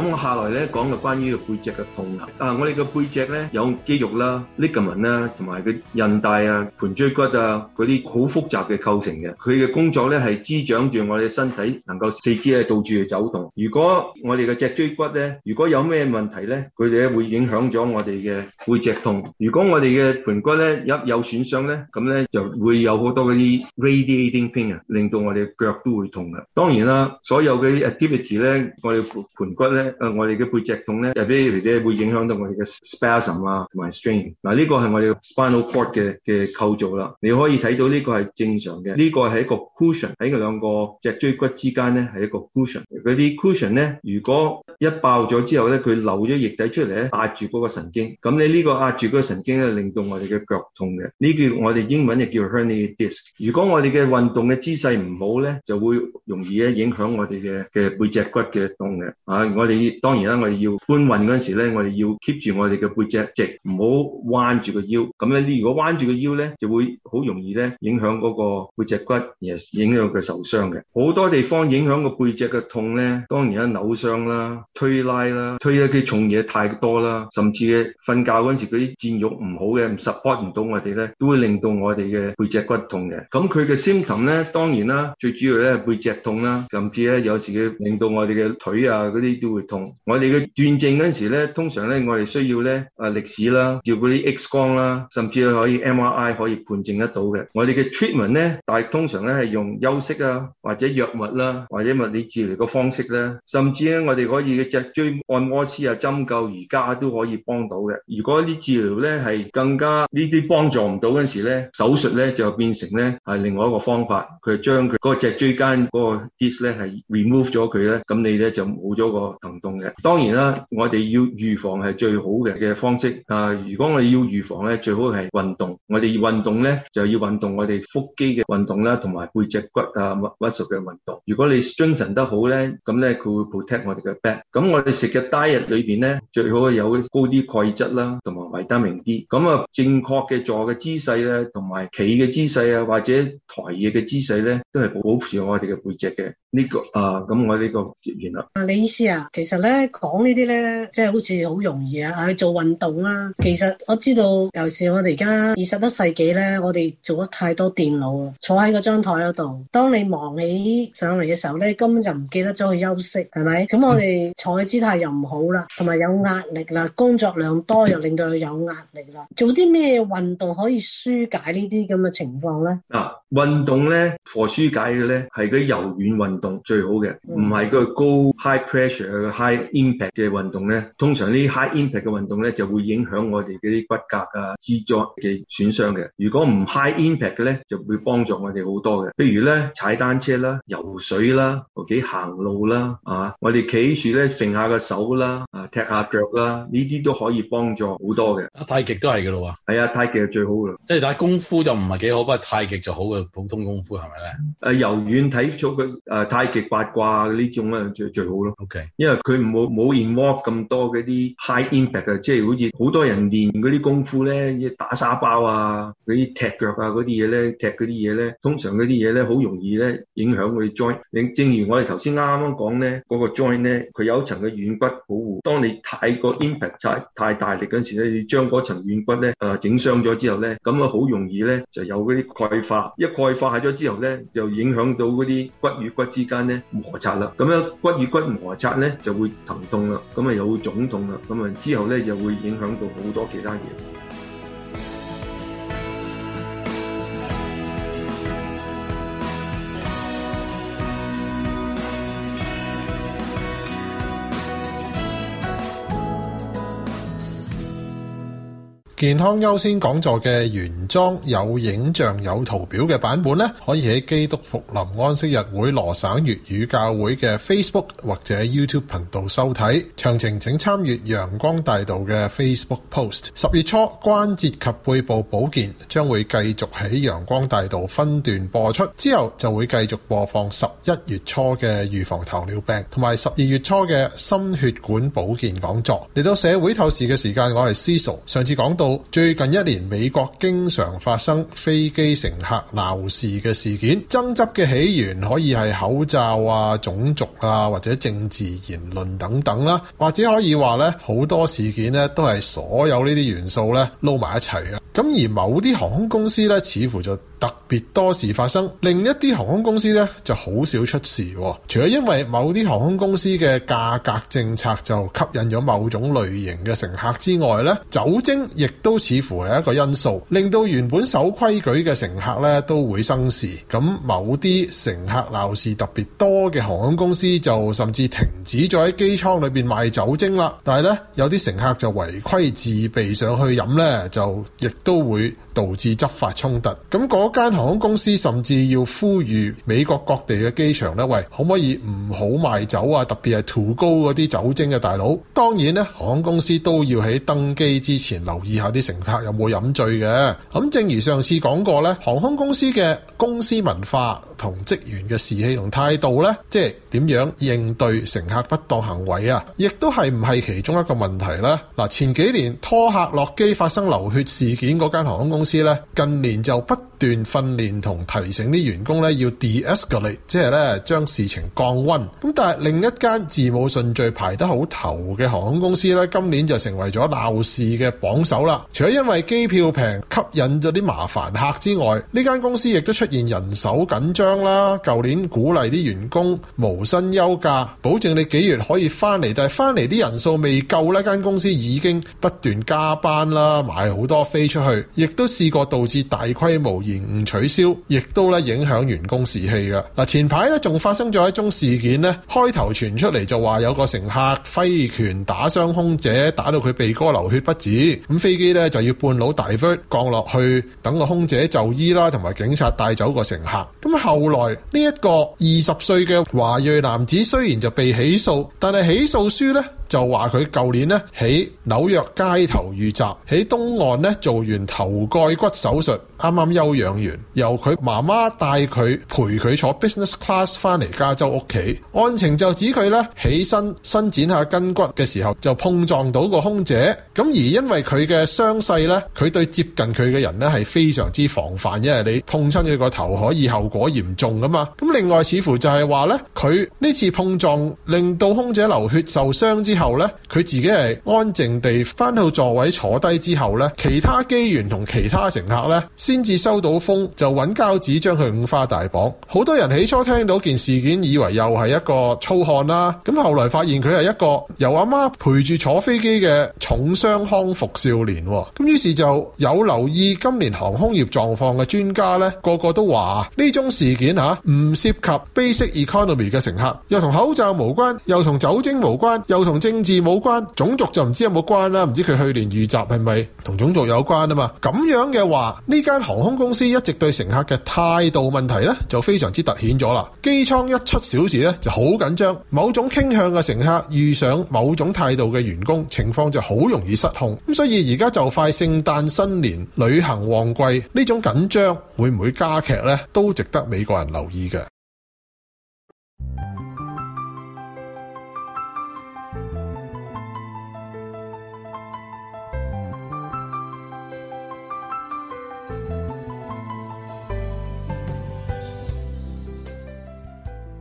咁我下嚟咧講嘅關於個背脊嘅痛啊！啊，我哋嘅背脊咧有肌肉啦、ligament 啦，同埋佢韌帶啊、盆椎骨啊，嗰啲好複雜嘅構成嘅。佢嘅工作咧係滋長住我哋嘅身體，能夠四肢咧到處去走動。如果我哋嘅脊椎骨咧，如果有咩問題咧，佢哋咧會影響咗我哋嘅背脊痛。如果我哋嘅盆骨咧一有，有損傷咧，咁咧就會有好多嗰啲 radiating pain 啊，令到我哋腳都會痛嘅。當然啦，所有嘅 activity 咧，我哋盆骨咧。誒，我哋嘅背脊痛咧，就比如咧，會影響到我哋嘅 spasm 啊，同埋 strain。嗱，呢個係我哋嘅 spinal cord 嘅嘅構造啦。你可以睇到呢個係正常嘅，呢、這個係一個 cushion 喺佢兩個脊椎骨之間咧係一個 cushion。佢啲 cushion 咧，如果一爆咗之後咧，佢漏咗液體出嚟咧，壓住嗰個神經，咁你呢個壓住嗰個神經咧，令到我哋嘅腳痛嘅。呢叫我哋英文就叫 herniated disc。如果我哋嘅運動嘅姿勢唔好咧，就會容易咧影響我哋嘅嘅背脊骨嘅痛嘅。我、啊。當然啦，我哋要搬運嗰陣時咧，我哋要 keep 住我哋嘅背脊直，唔好彎住個腰。咁咧，你如果彎住個腰咧，就會好容易咧影響嗰個背脊骨，而影響佢受傷嘅。好多地方影響個背脊嘅痛咧，當然啦，扭傷啦、推拉啦、推一啲重嘢太多啦，甚至嘅瞓覺嗰陣時嗰啲墊褥唔好嘅，唔 support 唔到我哋咧，都會令到我哋嘅背脊骨痛嘅。咁佢嘅 symptom 咧，當然啦，最主要咧係背脊痛啦，甚至咧有時佢令到我哋嘅腿啊嗰啲都會。同我哋嘅斷症嗰時咧，通常咧我哋需要咧啊歷史啦，照嗰啲 X 光啦，甚至咧可以 MRI 可以判證得到嘅。我哋嘅 treatment 咧，但係通常咧，係用休息啊，或者藥物啦，或者物理治療嘅方式咧，甚至咧我哋可以嘅脊椎按摩師啊針灸，而家都可以幫到嘅。如果啲治療咧係更加呢啲幫助唔到嗰時咧，手術咧就變成咧係另外一個方法，佢將佢個脊椎間嗰個 disc 咧係 remove 咗佢咧，咁你咧就冇咗個。行動嘅，當然啦，我哋要預防係最好嘅嘅方式。啊，如果我哋要預防咧，最好係運動。我哋運動咧就要運動我哋腹肌嘅運動啦，同埋背脊骨啊、m u s 嘅運動。如果你精神得好咧，咁咧佢會 protect 我哋嘅 back。咁我哋食嘅 e 日裏邊咧，最好有高啲鈣質啦，同埋維他命啲。咁啊，正確嘅坐嘅姿勢咧，同埋企嘅姿勢啊，或者抬嘢嘅姿勢咧，都係保持我哋嘅背脊嘅。呢、這個啊，咁我呢個結完啦。啊，你意思啊？其實咧講呢啲咧，即係好似好容易啊！去、啊、做運動啦、啊。其實我知道，尤其是我哋而家二十一世紀咧，我哋做咗太多電腦啦，坐喺嗰張台嗰度。當你忙起上嚟嘅時候咧，根本就唔記得咗去休息，係咪？咁我哋坐姿態又唔好啦，同埋有壓力啦，工作量多又令到佢有壓力啦。做啲咩運動可以舒解,、啊、解呢啲咁嘅情況咧？啊運動咧，何舒解嘅咧？係嗰啲柔軟運動。最好嘅，唔係個高 high pressure、high impact 嘅運動咧。通常呢啲 high impact 嘅運動咧，就會影響我哋嗰啲骨骼啊、肢作嘅損傷嘅。如果唔 high impact 嘅咧，就會幫助我哋好多嘅。譬如咧，踩單車啦、游水啦、或者行路啦啊，我哋企住咧，揈下個手啦，啊踢下腳啦，呢啲都可以幫助好多嘅。啊，太極都係㗎啦喎，係啊，太極係最好㗎啦。即係打功夫就唔係幾好，不過太極就好嘅，普通功夫係咪咧？由遠睇太極八卦呢種咧最最好咯。因為佢冇冇 involve 咁多嗰啲 high impact 即係好似好多人練嗰啲功夫咧，打沙包啊，嗰啲踢腳啊嗰啲嘢咧，踢嗰啲嘢咧，通常嗰啲嘢咧好容易咧影響我哋 joint。正如我哋頭先啱啱講咧，嗰個 joint 咧，佢有一層嘅軟骨保護。當你太過 impact 太，太大力嗰時咧，你將嗰層軟骨咧啊整傷咗之後咧，咁啊好容易咧就有嗰啲鈣化。一鈣化咗之後咧，就影響到嗰啲骨與骨。之間咧摩擦啦，咁樣骨與骨摩擦咧就會疼痛啦，咁啊又會腫痛啦，咁啊之後咧又會影響到好多其他嘢。健康優先講座嘅原裝有影像有圖表嘅版本呢，可以喺基督復臨安息日會羅省粵語教會嘅 Facebook 或者 YouTube 頻道收睇。詳情請參閱陽光大道嘅 Facebook post。十月初關節及背部保健將會繼續喺陽光大道分段播出，之後就會繼續播放十一月初嘅預防糖尿病同埋十二月初嘅心血管保健講座。嚟到社會透視嘅時間，我係思素。上次講到。最近一年，美國經常發生飛機乘客鬧事嘅事件，爭執嘅起源可以係口罩啊、種族啊或者政治言論等等啦，或者可以話咧，好多事件咧都係所有呢啲元素咧撈埋一齊啊，咁而某啲航空公司咧，似乎就得。別多事發生，另一啲航空公司咧就好少出事。哦，除咗因為某啲航空公司嘅價格政策就吸引咗某種類型嘅乘客之外咧，酒精亦都似乎係一個因素，令到原本守規矩嘅乘客咧都會生事。咁某啲乘客鬧事特別多嘅航空公司就甚至停止咗喺機艙裏邊賣酒精啦。但係咧有啲乘客就違規自備上去飲咧，就亦都會導致執法衝突。咁嗰間航空公司甚至要呼籲美國各地嘅機場咧，喂，可唔可以唔好賣酒啊？特別係吐高嗰啲酒精嘅、啊、大佬。當然咧，航空公司都要喺登機之前留意下啲乘客有冇飲醉嘅。咁，正如上次講過咧，航空公司嘅公司文化同職員嘅士氣同態度咧，即係點樣應對乘客不當行為啊？亦都係唔係其中一個問題啦。嗱，前幾年拖客落機發生流血事件嗰間航空公司咧，近年就不。段訓練同提醒啲員工咧，要 de-escalate，即係咧將事情降溫。咁但係另一間字母順序排得好頭嘅航空公司咧，今年就成為咗鬧事嘅榜首啦。除咗因為機票平吸引咗啲麻煩客之外，呢間公司亦都出現人手緊張啦。舊年鼓勵啲員工無薪休假，保證你幾月可以翻嚟，但係翻嚟啲人數未夠，呢間公司已經不斷加班啦，買好多飛出去，亦都試過導致大規模。而唔取消，亦都咧影響員工士氣嘅。嗱，前排咧仲發生咗一宗事件咧，開頭傳出嚟就話有個乘客揮拳打傷空姐，打到佢鼻哥流血不止。咁飛機咧就要半老大飛降落去，等個空姐就醫啦，同埋警察帶走個乘客。咁後來呢一個二十歲嘅華裔男子雖然就被起訴，但係起訴書咧，就話佢舊年咧喺紐約街頭遇襲，喺東岸咧做完頭蓋骨手術啱啱休養完，由佢媽媽帶佢陪佢坐 business class 翻嚟加州屋企。案情就指佢咧起身伸展下筋骨嘅時候，就碰撞到個空姐。咁而因為佢嘅傷勢咧，佢對接近佢嘅人咧係非常之防範，因為你碰親佢個頭可以後果嚴重噶嘛。咁另外似乎就係話咧，佢呢次碰撞令到空姐流血受傷之後，後咧，佢自己係安靜地翻到座位坐低之後咧，其他機員同其他乘客咧，先至收到風就揾膠紙將佢五花大綁。好多人起初聽到件事件，以為又係一個粗漢啦、啊，咁後來發現佢係一個由阿媽陪住坐飛機嘅重傷康復少年。咁於是就有留意今年航空業狀況嘅專家咧，個個都話呢宗事件吓、啊、唔涉及 basic economy 嘅乘客，又同口罩無關，又同酒精無關，又同政治冇關，種族就唔知有冇關啦，唔知佢去年遇襲係咪同種族有關啊嘛？咁樣嘅話，呢間航空公司一直對乘客嘅態度問題呢就非常之突顯咗啦。機艙一出小事呢就好緊張。某種傾向嘅乘客遇上某種態度嘅員工，情況就好容易失控。咁所以而家就快聖誕新年旅行旺季，呢種緊張會唔會加劇呢？都值得美國人留意嘅。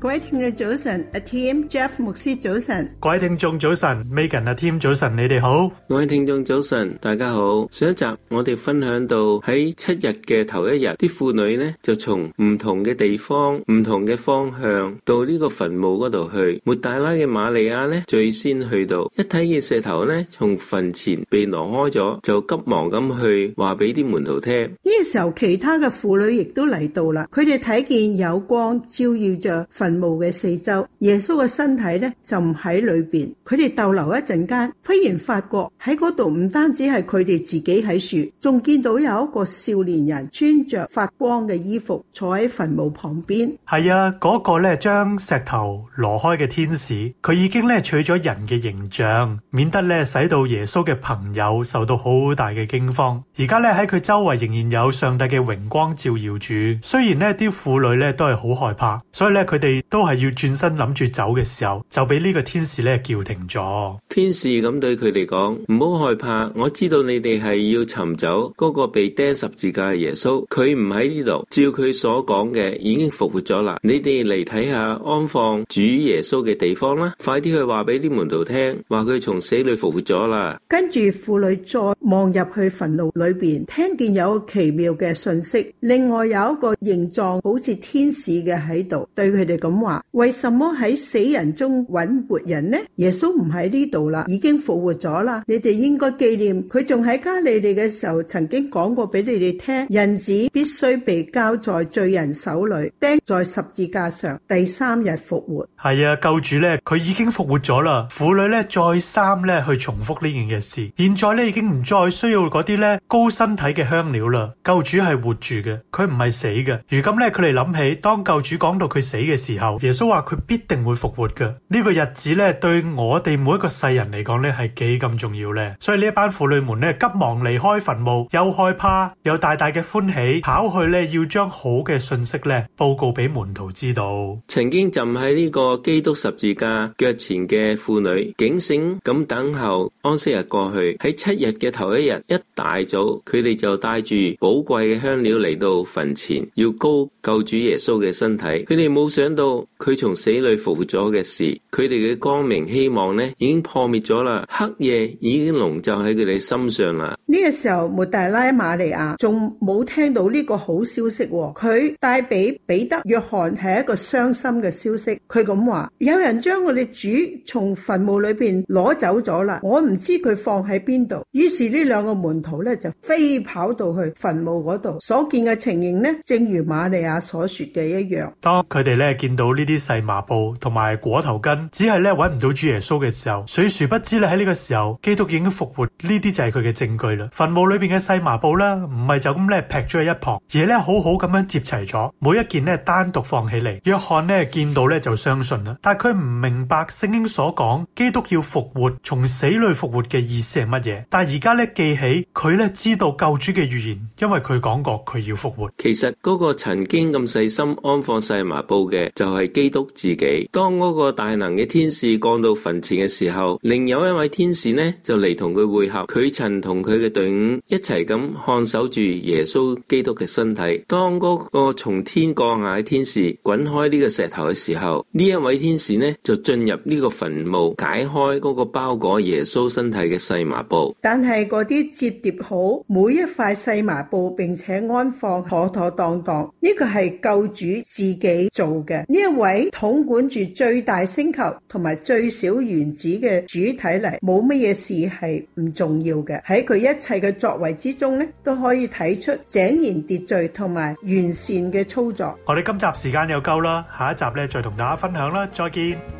各位聽眾早晨，阿 Tim、Jeff、穆斯早晨；各位聽眾早晨，Megan、阿 Tim 早晨，你哋好。各位聽眾早晨，大家好。上一集我哋分享到喺七日嘅頭一日，啲婦女呢就從唔同嘅地方、唔同嘅方向到呢個墳墓嗰度去。抹大拉嘅瑪利亞呢最先去到，一睇見石頭呢從墳前被挪開咗，就急忙咁去話俾啲門徒聽。呢個時候其他嘅婦女亦都嚟到啦，佢哋睇見有光照耀著墳。墳墓嘅四周，耶穌嘅身體咧就唔喺裏邊。佢哋逗留一陣間，忽然發覺喺嗰度唔單止係佢哋自己喺樹，仲見到有一個少年人穿着發光嘅衣服坐喺墳墓旁邊。係啊，嗰個咧將石頭挪開嘅天使，佢已經咧取咗人嘅形象，免得咧使到耶穌嘅朋友受到好大嘅驚慌。而家咧喺佢周圍仍然有上帝嘅榮光照耀住。雖然呢啲婦女咧都係好害怕，所以咧佢哋。都係要轉身諗住走嘅時候，就俾呢個天使咧叫停咗。天使咁對佢哋講：唔好害怕，我知道你哋係要尋找嗰個被釘十字架嘅耶穌，佢唔喺呢度。照佢所講嘅，已經復活咗啦。你哋嚟睇下安放主耶穌嘅地方啦，快啲去話俾啲門徒聽，話佢從死裏復活咗啦。跟住婦女再望入去墳墓裏邊，聽見有個奇妙嘅信息，另外有一個形狀好似天使嘅喺度，對佢哋講。咁話，為什麼喺死人中揾活人呢？耶穌唔喺呢度啦，已經復活咗啦。你哋應該紀念佢仲喺加利利嘅時候，曾經講過俾你哋聽，人子必須被交在罪人手裡，釘在十字架上，第三日復活。係啊，救主咧，佢已經復活咗啦。婦女咧，再三咧去重複呢件嘅事。現在咧，已經唔再需要嗰啲咧膏身體嘅香料啦。救主係活住嘅，佢唔係死嘅。如今咧，佢哋諗起當救主講到佢死嘅時候。耶穌話佢必定會復活嘅，呢個日子咧對我哋每一個世人嚟講咧係幾咁重要呢？所以呢一班婦女們咧急忙離開墳墓，又害怕又大大嘅歡喜，跑去咧要將好嘅信息咧報告俾門徒知道。曾經站喺呢個基督十字架腳前嘅婦女，警醒咁等候安息日過去，喺七日嘅頭一日一大早，佢哋就帶住寶貴嘅香料嚟到墳前，要膏救主耶穌嘅身體。佢哋冇想到。佢從死裏復活嘅事，佢哋嘅光明希望呢，已經破滅咗啦，黑夜已經籠罩喺佢哋心上啦。呢個時候，抹大拉馬利亞仲冇聽到呢個好消息，佢帶俾彼得、約翰係一個傷心嘅消息。佢咁話：有人將我哋主從墳墓裏邊攞走咗啦，我唔知佢放喺邊度。於是呢兩個門徒咧就飛跑到去墳墓嗰度，所見嘅情形呢，正如馬利亞所說嘅一樣。當佢哋咧見到呢啲細麻布同埋裹頭巾，只係咧揾唔到主耶穌嘅時候，水殊不知咧喺呢個時候，基督已經復活，呢啲就係佢嘅證據啦。墳墓裏邊嘅細麻布啦，唔係就咁咧劈咗喺一旁，而咧好好咁樣接齊咗，每一件咧單獨放起嚟。約翰呢見到咧就相信啦，但係佢唔明白聖經所講基督要復活，從死裏復活嘅意思係乜嘢。但係而家咧記起佢咧知道救主嘅預言，因為佢講過佢要復活。其實嗰個曾經咁細心安放細麻布嘅。就係、是、基督自己。當嗰個大能嘅天使降到墳前嘅時候，另有一位天使呢就嚟同佢會合。佢曾同佢嘅隊伍一齊咁看守住耶穌基督嘅身體。當嗰個從天降下嘅天使滾開呢個石頭嘅時候，呢一位天使呢就進入呢個墳墓，解開嗰個包裹耶穌身體嘅細麻布。但係嗰啲折疊好每一塊細麻布，並且安放妥妥當當，當。呢、這個係救主自己做嘅。呢一位統管住最大星球同埋最小原子嘅主體嚟，冇乜嘢事係唔重要嘅。喺佢一切嘅作為之中咧，都可以睇出井然秩序同埋完善嘅操作。我哋今集時間又夠啦，下一集咧再同大家分享啦，再見。